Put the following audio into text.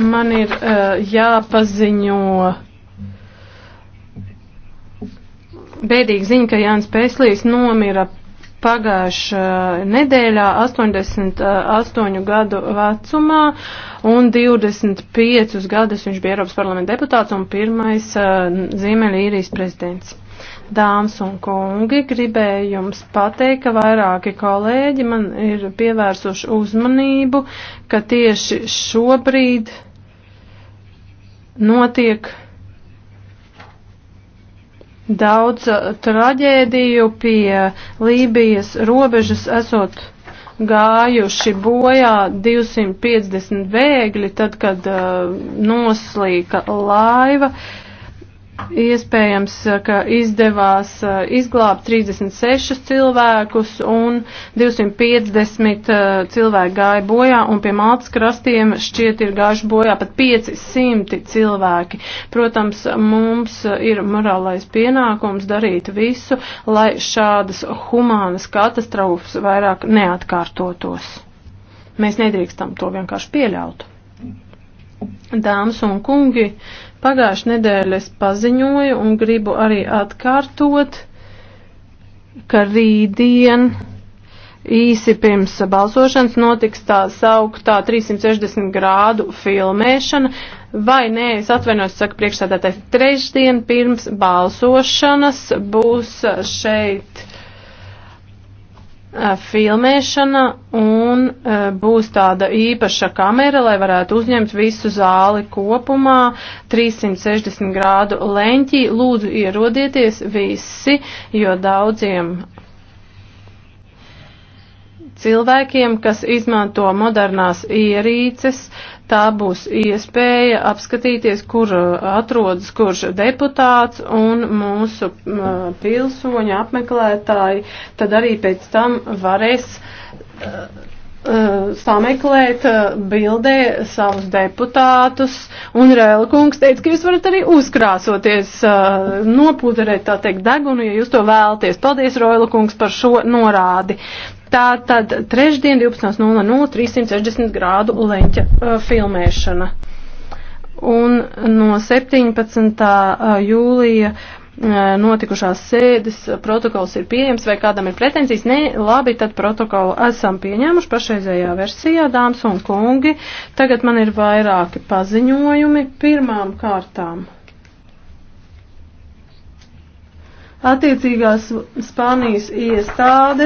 Man ir uh, jāpaziņo bēdīgi ziņa, ka Jānis Pēslīs nomira pagājušā nedēļā 88 gadu vecumā un 25 gadus viņš bija Eiropas parlamenta deputāts un pirmais uh, Ziemeļīrijas prezidents. Dāmas un kungi, gribēju jums pateikt, ka vairāki kolēģi man ir pievērsuši uzmanību, ka tieši šobrīd notiek daudz uh, traģēdiju pie Lībijas robežas esot gājuši bojā 250 bēgļi, tad, kad uh, noslīka laiva. Uh, Iespējams, eh, ka izdevās eh, izglābt 36 cilvēkus un 250 eh, cilvēki gāja bojā un pie Maltas krastiem šķiet ir gājuši bojā pat 500 cilvēki. Protams, mums ir morālais pienākums darīt visu, lai šādas humānas katastrofas vairāk neatkārtotos. Mēs nedrīkstam to vienkārši pieļaut. Dāmas un kungi, Pagājuši nedēļa es paziņoju un gribu arī atkārtot, ka rītdien īsi pirms balsošanas notiks tā sauktā 360 grādu filmēšana, vai nē, es atvainojos, saka priekšsēdētājs, trešdien pirms balsošanas būs šeit filmēšana un e, būs tāda īpaša kamera, lai varētu uzņemt visu zāli kopumā 360 grādu leņķī. Lūdzu ierodieties visi, jo daudziem Cilvēkiem, kas izmanto modernās ierīces, tā būs iespēja apskatīties, kur uh, atrodas kurš deputāts un mūsu uh, pilsoņu apmeklētāji, tad arī pēc tam varēs uh, sameklēt bildē savus deputātus, un Rēla kungs teica, ka jūs varat arī uzkrāsoties, nopūderēt, tā teikt, degunu, ja jūs to vēlaties. Paldies, Rēla kungs, par šo norādi. Tā tad trešdien 12.00 360 grādu leņķa uh, filmēšana. Un no 17. Uh, jūlija uh, notikušās sēdes uh, protokols ir pieejams vai kādam ir pretenzijas. Nē, labi, tad protokolu esam pieņēmuši pašreizējā versijā, dāmas un kungi. Tagad man ir vairāki paziņojumi pirmām kārtām. Attiecīgās Spānijas iestāde.